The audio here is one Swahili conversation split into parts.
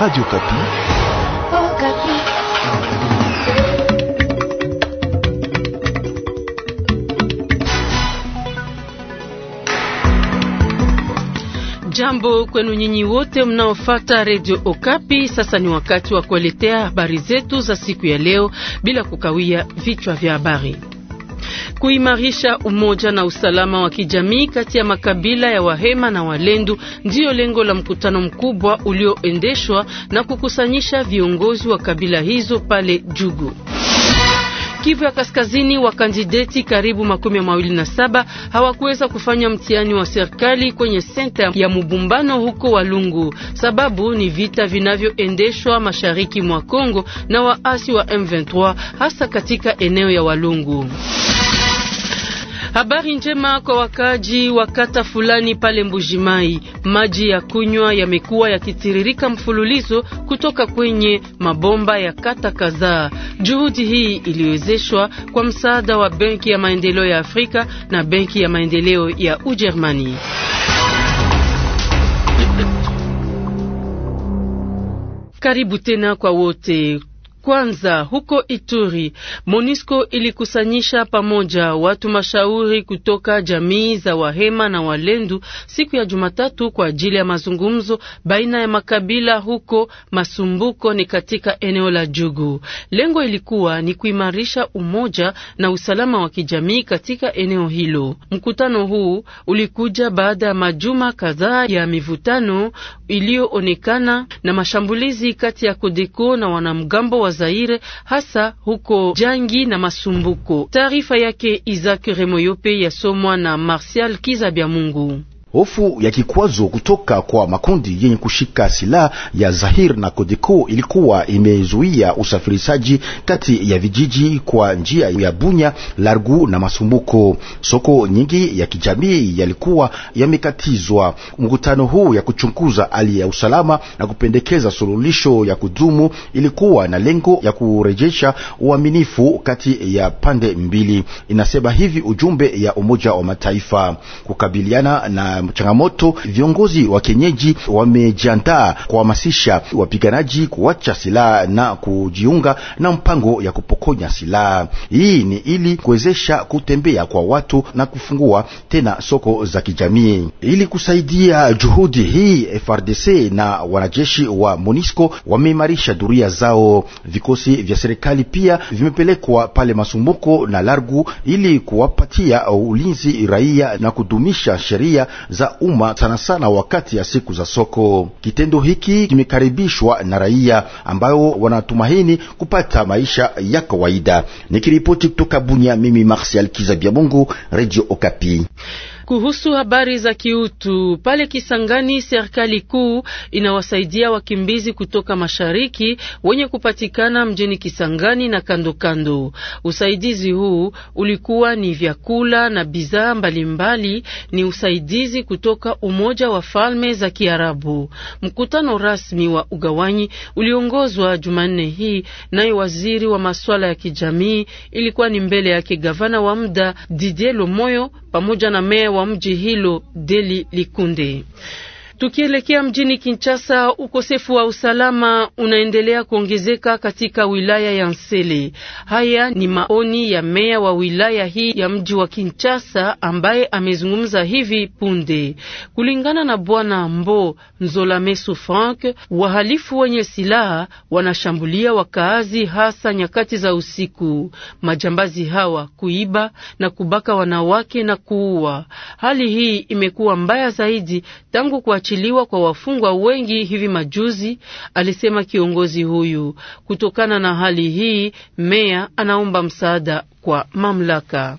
Radio Kapi. Oh, Kapi. Jambo kwenu nyinyi wote mnaofuata Radio Okapi. Sasa ni wakati wa kuwaletea habari zetu za siku ya leo bila kukawia vichwa vya habari. Kuimarisha umoja na usalama wa kijamii kati ya makabila ya Wahema na Walendu ndiyo lengo la mkutano mkubwa ulioendeshwa na kukusanyisha viongozi wa kabila hizo pale Jugu. Kivu ya Kaskazini, wa kandideti karibu makumi mawili na saba hawakuweza kufanya mtihani wa serikali kwenye senta ya Mubumbano huko Walungu. Sababu ni vita vinavyoendeshwa mashariki mwa Kongo na waasi wa M23 hasa katika eneo ya Walungu. Habari njema kwa wakaaji wa kata fulani pale Mbujimai. Maji ya kunywa yamekuwa yakitiririka mfululizo kutoka kwenye mabomba ya kata kadhaa. Juhudi hii iliwezeshwa kwa msaada wa Benki ya Maendeleo ya Afrika na Benki ya Maendeleo ya Ujerumani. Karibu tena kwa wote. Kwanza huko Ituri, Monisco ilikusanyisha pamoja watu mashauri kutoka jamii za Wahema na Walendu siku ya Jumatatu kwa ajili ya mazungumzo baina ya makabila huko Masumbuko ni katika eneo la Jugu. Lengo ilikuwa ni kuimarisha umoja na usalama wa kijamii katika eneo hilo. Mkutano huu ulikuja baada ya majuma kadhaa ya mivutano iliyoonekana na mashambulizi kati ya Kodeko na wanamgambo wa Zaire, hasa huko Jangi na Masumbuko. Taarifa yake Isaac Remoyope yasomwa na Martial Kizabya Mungu. Hofu ya kikwazo kutoka kwa makundi yenye kushika silaha ya Zahir na Kodeko ilikuwa imezuia usafirishaji kati ya vijiji kwa njia ya Bunya, Largu na Masumbuko. Soko nyingi ya kijamii yalikuwa yamekatizwa. Mkutano huu ya kuchunguza hali ya usalama na kupendekeza suluhisho ya kudumu ilikuwa na lengo ya kurejesha uaminifu kati ya pande mbili, inasema hivi ujumbe ya Umoja wa Mataifa kukabiliana na changamoto, viongozi wa kienyeji wamejiandaa kuhamasisha wapiganaji kuacha silaha na kujiunga na mpango ya kupokonya silaha. Hii ni ili kuwezesha kutembea kwa watu na kufungua tena soko za kijamii. Ili kusaidia juhudi hii, FRDC na wanajeshi wa MONUSCO wameimarisha duria zao. Vikosi vya serikali pia vimepelekwa pale Masumbuko na Largu ili kuwapatia ulinzi raia na kudumisha sheria za umma, sana sana wakati ya siku za soko. Kitendo hiki kimekaribishwa na raia ambayo wanatumaini kupata maisha ya kawaida. Nikiripoti kutoka Bunya, mimi Martial bia Mungu, Radio Okapi. Kuhusu habari za kiutu pale Kisangani, serikali kuu inawasaidia wakimbizi kutoka mashariki wenye kupatikana mjini Kisangani na kando kando. Usaidizi huu ulikuwa ni vyakula na bidhaa mbalimbali, ni usaidizi kutoka Umoja wa Falme za Kiarabu. Mkutano rasmi wa ugawanyi uliongozwa Jumanne hii, naye waziri wa masuala ya kijamii ilikuwa ni mbele yake gavana wa muda Didier Lomoyo pamoja na meya wa mji hilo Deli Likunde. Tukielekea mjini Kinshasa, ukosefu wa usalama unaendelea kuongezeka katika wilaya ya Nsele. Haya ni maoni ya meya wa wilaya hii ya mji wa Kinshasa ambaye amezungumza hivi punde. Kulingana na bwana Mbo Nzolamesu Frank, wahalifu wenye silaha wanashambulia wakaazi hasa nyakati za usiku. Majambazi hawa kuiba na kubaka wanawake na kuua. Hali hii imekuwa mbaya zaidi tangu kwa kuachiliwa kwa wafungwa wengi hivi majuzi, alisema kiongozi huyu. Kutokana na hali hii, meya anaomba msaada kwa mamlaka.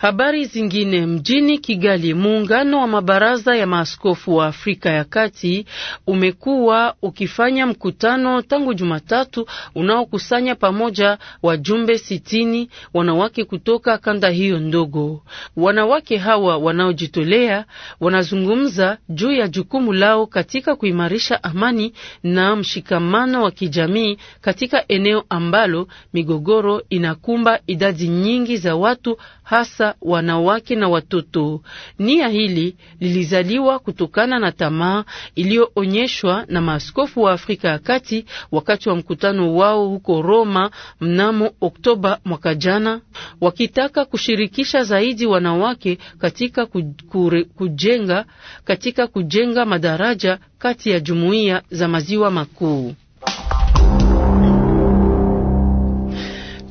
Habari zingine mjini Kigali, muungano wa mabaraza ya maaskofu wa Afrika ya Kati umekuwa ukifanya mkutano tangu Jumatatu unaokusanya pamoja wajumbe sitini wanawake kutoka kanda hiyo ndogo. Wanawake hawa wanaojitolea wanazungumza juu ya jukumu lao katika kuimarisha amani na mshikamano wa kijamii katika eneo ambalo migogoro inakumba idadi nyingi za watu hasa wanawake na watoto. Nia hili lilizaliwa kutokana na tamaa iliyoonyeshwa na maaskofu wa Afrika ya Kati wakati wa mkutano wao huko Roma mnamo Oktoba mwaka jana, wakitaka kushirikisha zaidi wanawake katika kujenga, katika kujenga madaraja kati ya jumuiya za maziwa makuu.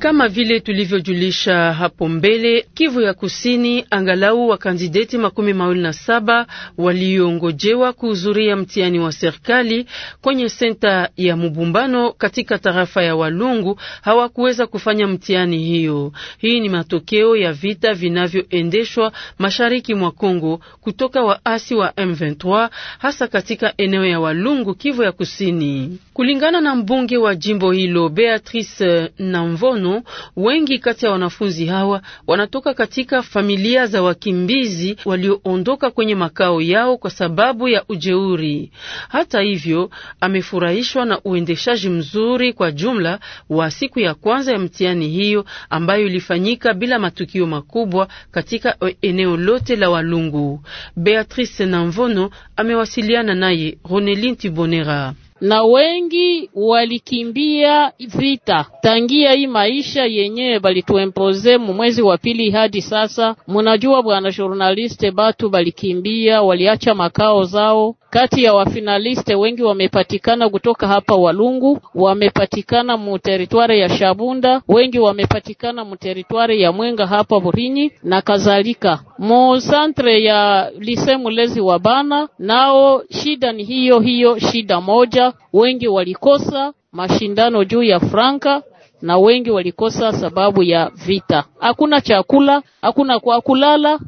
Kama vile tulivyojulisha hapo mbele, Kivu ya Kusini, angalau wakandideti makumi mawili na saba waliongojewa kuhudhuria mtihani wa serikali kwenye senta ya Mubumbano katika tarafa ya Walungu hawakuweza kufanya mtihani hiyo. Hii ni matokeo ya vita vinavyoendeshwa mashariki mwa Kongo kutoka waasi wa M23 hasa katika eneo ya Walungu, Kivu ya Kusini, kulingana na mbunge wa jimbo hilo Beatrice Namvono tano. Wengi kati ya wanafunzi hawa wanatoka katika familia za wakimbizi walioondoka kwenye makao yao kwa sababu ya ujeuri. Hata hivyo, amefurahishwa na uendeshaji mzuri kwa jumla wa siku ya kwanza ya mtihani hiyo ambayo ilifanyika bila matukio makubwa katika eneo lote la Walungu. Beatrice Namvono amewasiliana naye Ronelin Tibonera na wengi walikimbia vita tangia hii maisha yenyewe balituempoze mu mwezi wa pili hadi sasa. Munajua bwana journaliste, batu balikimbia waliacha makao zao. Kati ya wafinaliste wengi wamepatikana kutoka hapa Walungu, wamepatikana mu teritwari ya Shabunda, wengi wamepatikana mu teritwari ya Mwenga hapa Burinyi na kadhalika mu centre ya lise mulezi wa bana, nao shida ni hiyo hiyo shida moja. Wengi walikosa mashindano juu ya franka na wengi walikosa sababu ya vita, hakuna chakula, hakuna kwa kulala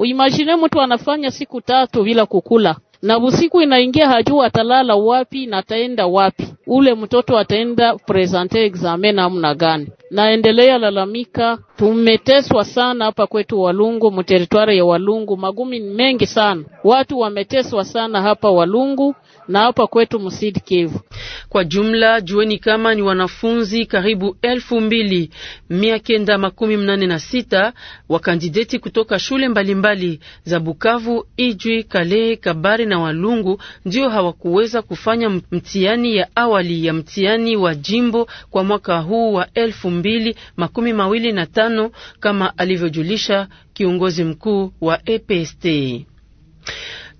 Uimagine mtu anafanya siku tatu bila kukula na usiku inaingia, hajua atalala wapi na ataenda wapi. Ule mtoto ataenda presente examen namna gani? Naendelea lalamika, tumeteswa sana hapa kwetu Walungu, mteritwari ya Walungu, magumi mengi sana, watu wameteswa sana hapa Walungu na hapa kwetu Musid Kivu. Kwa jumla jueni kama ni wanafunzi karibu elfu mbili mia kenda makumi mnane na sita wakandideti kutoka shule mbalimbali mbali za Bukavu, Ijwi, Kale, Kabare na Walungu ndio hawakuweza kufanya mtihani ya awali ya mtihani wa jimbo kwa mwaka huu wa elfu mbili makumi mawili na tano kama alivyojulisha kiongozi mkuu wa EPST.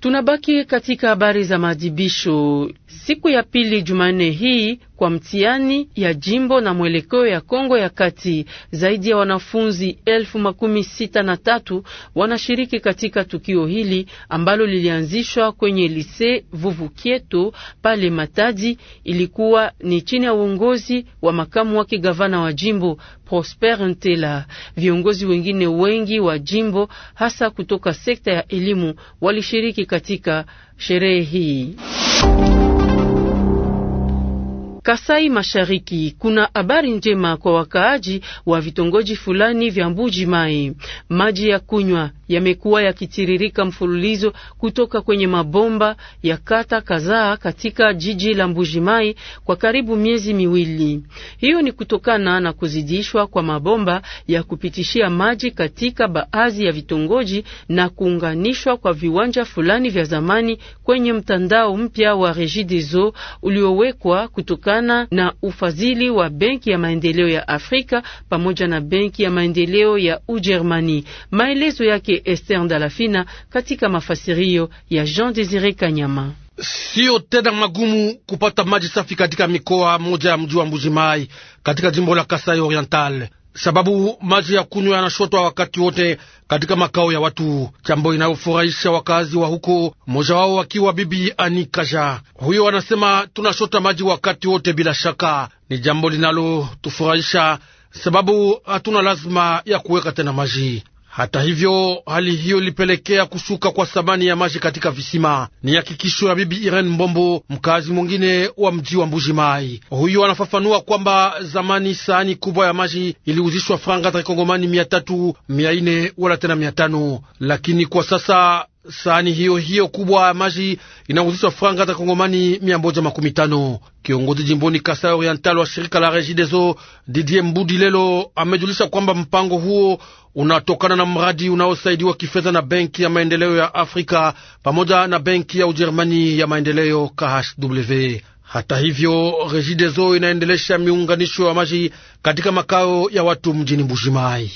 Tunabaki katika habari za maadhibisho. Siku ya pili Jumanne hii kwa mtihani ya jimbo na mwelekeo ya Kongo ya Kati. Zaidi ya wanafunzi elfu makumi sita na tatu wanashiriki katika tukio hili ambalo lilianzishwa kwenye lise Vuvukieto pale Matadi. Ilikuwa ni chini ya uongozi wa makamu wake gavana wa jimbo Prosper Ntela. Viongozi wengine wengi wa jimbo hasa kutoka sekta ya elimu walishiriki katika sherehe hii. Kasai Mashariki kuna habari njema kwa wakaaji wa vitongoji fulani vya Mbuji Mai. Maji ya kunywa yamekuwa yakitiririka mfululizo kutoka kwenye mabomba ya kata kadhaa katika jiji la Mbuji Mai kwa karibu miezi miwili. Hiyo ni kutokana na kuzidishwa kwa mabomba ya kupitishia maji katika baadhi ya vitongoji na kuunganishwa kwa viwanja fulani vya zamani kwenye mtandao mpya wa Regideso uliowekwa kutoka kuungana na ufadhili wa Benki ya Maendeleo ya Afrika pamoja na Benki ya Maendeleo ya Ujerumani. Maelezo yake Esther Dalafina katika mafasirio ya Jean Desire Kanyama. Sio tena magumu kupata maji safi katika mikoa moja ya mji wa Mbujimai katika jimbo la Kasai Oriental sababu maji ya kunywa yanashotwa wakati wote katika makao ya watu, jambo inayofurahisha wakazi wa huko, mmoja wao wakiwa bibi anikaja Huyo anasema tunashota maji wakati wote, bila shaka ni jambo linalo sababu hatuna lazima ya kuweka tena maji. Hata hivyo hali hiyo ilipelekea kushuka kwa thamani ya maji katika visima. Ni hakikisho ya bibi Irene Mbombo, mkazi mwingine wa mji wa Mbuji Mai. Huyo anafafanua kwamba zamani sahani kubwa ya maji iliuzishwa franga za kikongomani mia tatu mia nne wala tena mia tano lakini kwa sasa Sani hiyo hiyo kubwa ya maji inauzishwa franga za Kongomani mia moja makumi tano. Kiongozi jimboni Kasai Oriental wa shirika la Regideso Didier Mbudi Lelo amejulisha kwamba mpango huo unatokana na mradi unaosaidiwa kifedha na Benki ya Maendeleo ya Afrika pamoja na Benki ya Ujerumani ya Maendeleo KHW. Hata hivyo, Regideso inaendelesha miunganisho ya maji katika makao ya watu mjini Mbujimai.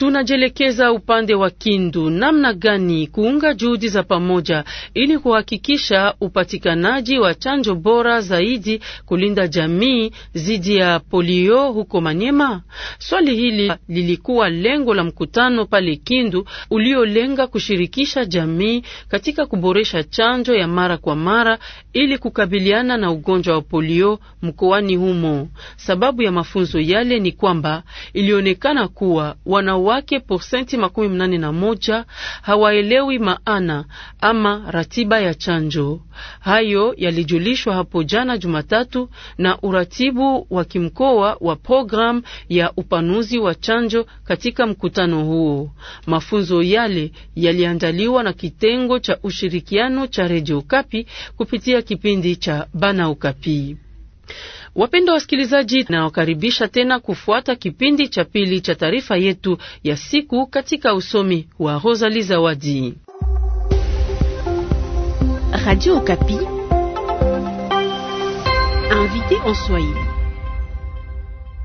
Tunajielekeza upande wa Kindu. Namna gani kuunga juhudi za pamoja ili kuhakikisha upatikanaji wa chanjo bora zaidi kulinda jamii dhidi ya polio huko Manyema? Swali hili lilikuwa lengo la mkutano pale Kindu uliolenga kushirikisha jamii katika kuboresha chanjo ya mara kwa mara ili kukabiliana na ugonjwa wa polio mkoani humo. Sababu ya mafunzo yale ni kwamba ilionekana kuwa wana wake porsenti makumi mnane na moja hawaelewi maana ama ratiba ya chanjo. Hayo yalijulishwa hapo jana Jumatatu na uratibu wa kimkoa wa programu ya upanuzi wa chanjo katika mkutano huo. Mafunzo yale yaliandaliwa na kitengo cha ushirikiano cha Redio Kapi kupitia kipindi cha Bana Ukapii. Wapendwa wasikilizaji, nawakaribisha tena kufuata kipindi cha pili cha taarifa yetu ya siku katika usomi wa Rosalie Zawadi. Radio Okapi, invité en Swahili.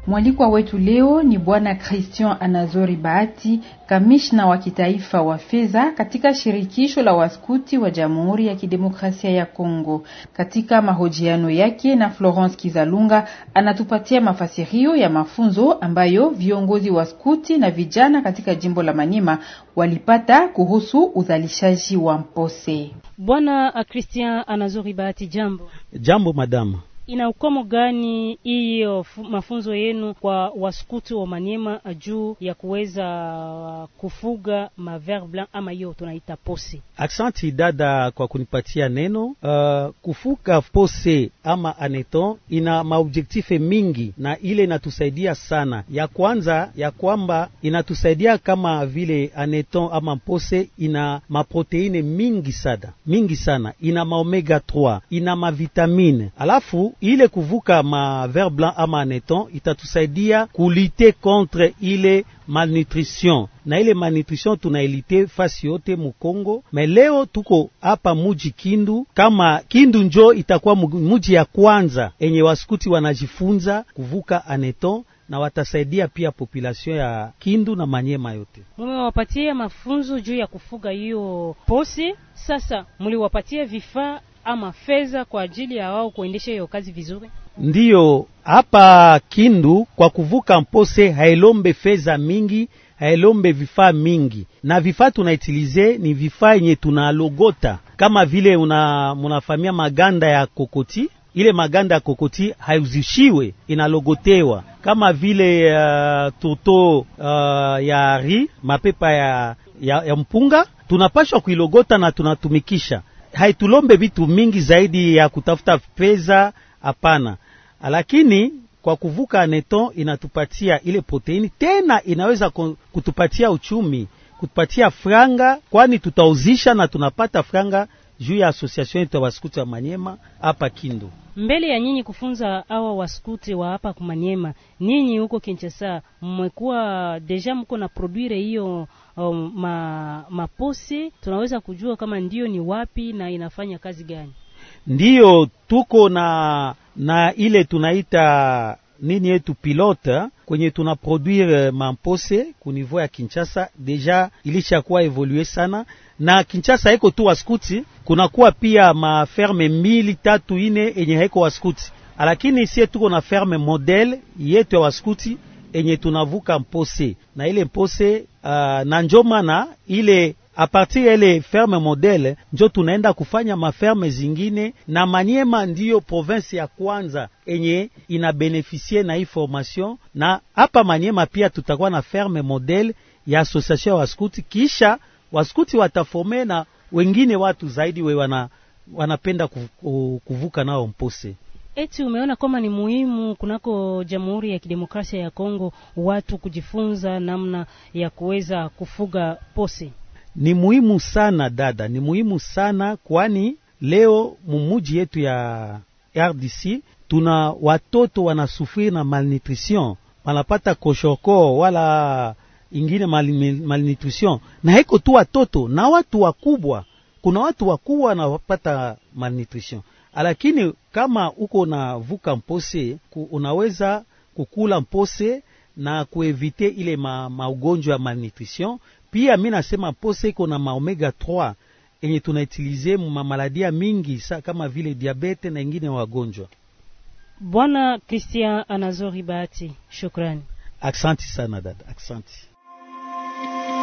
Mwalikwa wetu leo ni Bwana Christian Anazori Bahati, kamishna wa kitaifa wa fedha katika shirikisho la waskuti wa Jamhuri ya Kidemokrasia ya Kongo. Katika mahojiano yake na Florence Kizalunga, anatupatia mafasirio ya mafunzo ambayo viongozi wa skuti na vijana katika jimbo la Manyema walipata kuhusu uzalishaji wa mpose. Bwana Christian Anazori Bahati, jambo. Jambo madamu. Ina ukomo gani hiyo mafunzo yenu kwa wasukutu wa manema juu ya kuweza kufuga maver blanc ama hiyo tunaita pose? Aksanti dada kwa kunipatia neno. Uh, kufuga pose ama aneton ina maobjektife mingi na ile inatusaidia sana. Ya kwanza ya kwamba inatusaidia kama vile aneton ama pose ina maproteine mingi sana mingi sana, ina maomega 3 ina mavitamine alafu ile kuvuka ver blanc ama neton itatusaidia kulite contre ile malnutrition na ile malnutrition tunailite fasi yote Mukongo. Me leo tuko hapa muji Kindu, kama Kindu njo itakuwa muji ya kwanza enye wasikuti wanajifunza kuvuka aneton na watasaidia pia population ya Kindu na Manyema yote. Mumewapatia mafunzo juu ya kufuga hiyo posi. Sasa muliwapatia vifaa ama fedha kwa ajili ya wao kuendesha hiyo kazi vizuri? Ndiyo, hapa Kindu kwa kuvuka mpose hailombe fedha mingi, hailombe vifaa mingi, na vifaa tunaitilize ni vifaa yenye tunalogota kama vile una, munafamia maganda ya kokoti ile maganda ya kokoti hauzishiwe, inalogotewa kama vile uh, toto uh, ya ri mapepa ya, ya, ya mpunga tunapashwa kuilogota na tunatumikisha haitulombe vitu mingi zaidi ya kutafuta pesa, hapana, lakini kwa kuvuka neto inatupatia ile proteini, tena inaweza kutupatia uchumi, kutupatia franga, kwani tutauzisha na tunapata franga juu ya association yetu ya baskuti ya Manyema hapa Kindu mbele ya nyinyi kufunza awa waskuti wa hapa Kumanyema, ninyi huko Kinshasa mmekuwa deja mko na produire hiyo um, ma, mapose, tunaweza kujua kama ndiyo ni wapi na inafanya kazi gani? Ndiyo tuko na na ile tunaita nini yetu pilote kwenye tunaproduire mampose ku niveau ya Kinshasa, deja ilishakuwa evolue sana na Kinshasa haiko tu waskuti, kunakuwa pia maferme mili tatu ine enye haiko waskuti, lakini sie tuko na ferme model yetu ya waskuti enye tunavuka mpose na ile mpose uh, na njo mana ile apartir ele ferme modele njo tunaenda kufanya maferme zingine, na maniema ndiyo province ya kwanza enye inabenefisie na hii formation, na hapa maniema pia tutakuwa na ferme modele ya association ya waskuti kisha waskuti watafome na wengine watu zaidi we wana, wanapenda kuvuka nao mpose Eti umeona kama ni muhimu kunako Jamhuri ya Kidemokrasia ya Kongo watu kujifunza namna ya kuweza kufuga posi? Ni muhimu sana dada, ni muhimu sana kwani leo mumuji yetu ya RDC tuna watoto wanasufiri na malnutrition, wanapata koshoko wala ingine malnutrition, na haiko tu watoto na watu wakubwa. Kuna watu wakubwa wanapata malnutrition, lakini kama uko navuka mpose ku, unaweza kukula mpose na kuevite ile ma, maugonjwa ya malnutrition. Pia mi nasema mpose iko na maomega 3 enye tunaitilize mamaladia mingi sa kama vile diabete na ingine wagonjwa. Bwana Christian Anazori Bahati, shukrani. Aksanti sana dada, aksanti.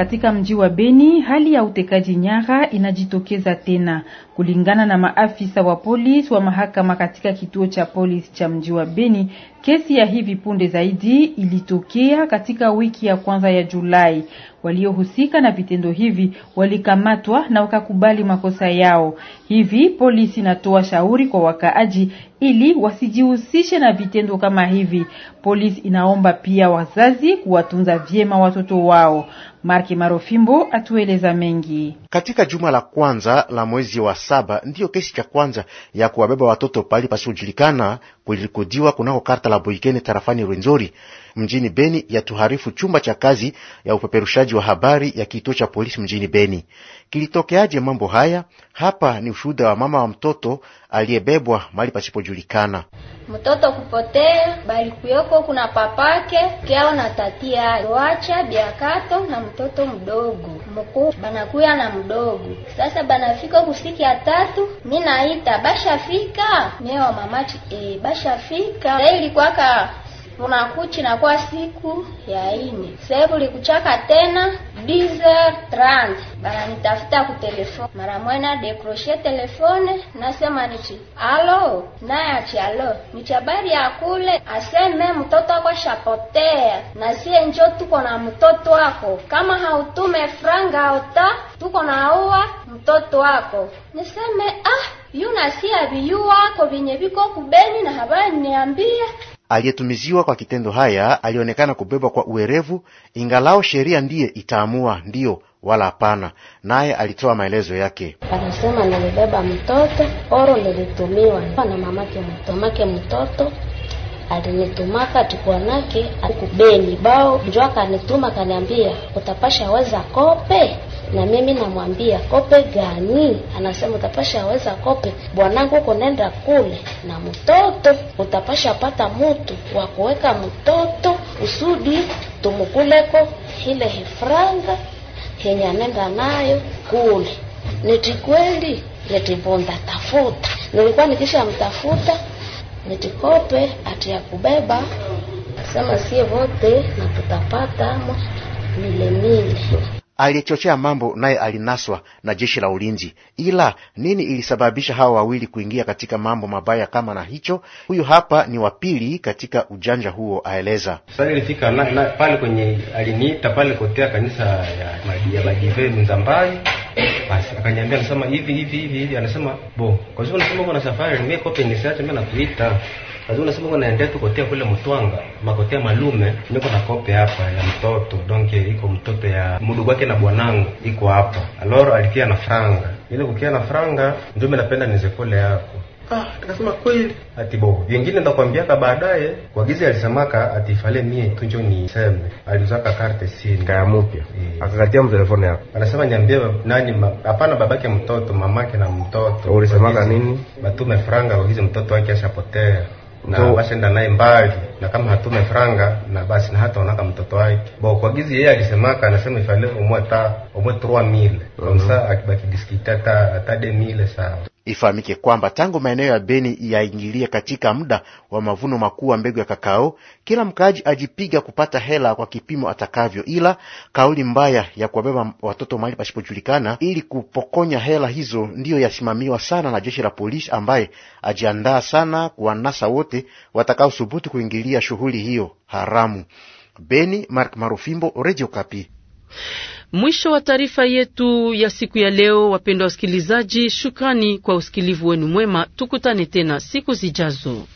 Katika mji wa Beni hali ya utekaji nyara inajitokeza tena, kulingana na maafisa wa polisi wa mahakama katika kituo cha polisi cha mji wa Beni. Kesi ya hivi punde zaidi ilitokea katika wiki ya kwanza ya Julai. Waliohusika na vitendo hivi walikamatwa na wakakubali makosa yao. Hivi polisi inatoa shauri kwa wakaaji ili wasijihusishe na vitendo kama hivi. Polisi inaomba pia wazazi kuwatunza vyema watoto wao. Marki Marofimbo atueleza mengi. Katika juma la kwanza la mwezi wa saba ndiyo kesi cha kwanza ya kuwabeba watoto pali pasiojulikana kulirekodiwa kunako karta la Boikene tarafani Rwenzori mjini Beni, ya tuharifu chumba cha kazi ya upeperushaji wa habari ya kituo cha polisi mjini Beni. Kilitokeaje mambo haya? Hapa ni ushuhuda wa mama wa mtoto aliyebebwa mali pasipojulikana. Mtoto kupotea bali kuyoko kuna papake kiao na tatia wacha biakato na mtoto mdogo mkuu banakuya na mdogo sasa, banafika kusiki ya tatu, mi naita bashafika mewa mamachi e, eh, basha shafika leo ilikuwaka unakuchi nakuwa siku ya ine sehebu likuchaka tena dizer trans bana nitafuta ku telefone mara mwena dekroshe telefone nasema nichi alo naye achi alo nichi habari ya kule aseme mtoto wako shapotea na sie njo tuko na mtoto wako kama hautume franga ota tuko na uwa mtoto wako niseme ah yunasiya viyuwako vyenye viko kubeni na habari niambia. Aliyetumiziwa kwa kitendo haya alionekana kubebwa kwa uwerevu, ingalao sheria ndiye itaamua ndiyo wala hapana. Naye alitoa maelezo yake, anasema nilibeba mtoto oro nilitumiwa na mamake mamake mtoto alinituma alinitumaka tukwanake akubeni bao njo akanituma kaniambia, utapasha weza kope na mimi namwambia kope gani? Anasema utapasha weza kope bwanangu, uko nenda kule na mtoto, utapasha pata mtu wa kuweka mtoto usudi tumukuleko ile hifranga yenye anenda nayo kule. Nitikweli nitibunda tafuta, nilikuwa nikisha mtafuta nitikope kubeba sema sie vote na tutapata milemile aliyechochea mambo naye alinaswa na jeshi la ulinzi. Ila nini ilisababisha hawa wawili kuingia katika mambo mabaya kama na hicho? Huyu hapa ni wa pili katika ujanja huo, aeleza. Sasa nilifika na, na, pale kwenye aliniita pale kotea kanisa ya Madive Mzambai, basi akaniambia anasema hivi hivi hivi hivi, anasema bo kwa sababu nasema kuna safari nimekope niseache mimi nakuita Lazima unasema uko naendea tu kotea kule mtwanga, makotea malume niko na kope hapa ya mtoto. donke iko mtoto ya mdogo wake na bwanangu iko hapa. Aloro alikia na franga. Ile kukia na franga ndio mimi napenda nize kule yako. Ah, nikasema kweli. Ati bo, vingine ka baadaye. Kwa gizi alisemaka fale mie tu njo niseme. Aliuzaka karte sini. Kayamupya. E. Eh. Akakatia mtelefoni yako. Anasema niambie nani hapana ma... babake mtoto, mamake na mtoto. Ulisemaka nini? Batume franga kwa gizi mtoto wake ashapotea na basi enda naye mbali, na kama hatume franga na basi na hata onaka mtoto wake bo kwa gizi yeye alisemaka, anasema ifale omwe ta omwe 3000 komsa mhm. akibaki diskita ta ta 2000 sawa Ifahamike kwamba tangu maeneo ya Beni yaingilie katika muda wa mavuno makuu wa mbegu ya kakao, kila mkaaji ajipiga kupata hela kwa kipimo atakavyo, ila kauli mbaya ya kuwabeba watoto mahali pasipojulikana ili kupokonya hela hizo ndiyo yasimamiwa sana na jeshi la polisi, ambaye ajiandaa sana kuwanasa wote watakaothubutu kuingilia shughuli hiyo haramu. Beni, Mark Marufimbo, Radio Kapi. Mwisho wa taarifa yetu ya siku ya leo. Wapendwa wasikilizaji, shukrani kwa usikilivu wenu mwema. Tukutane tena siku zijazo.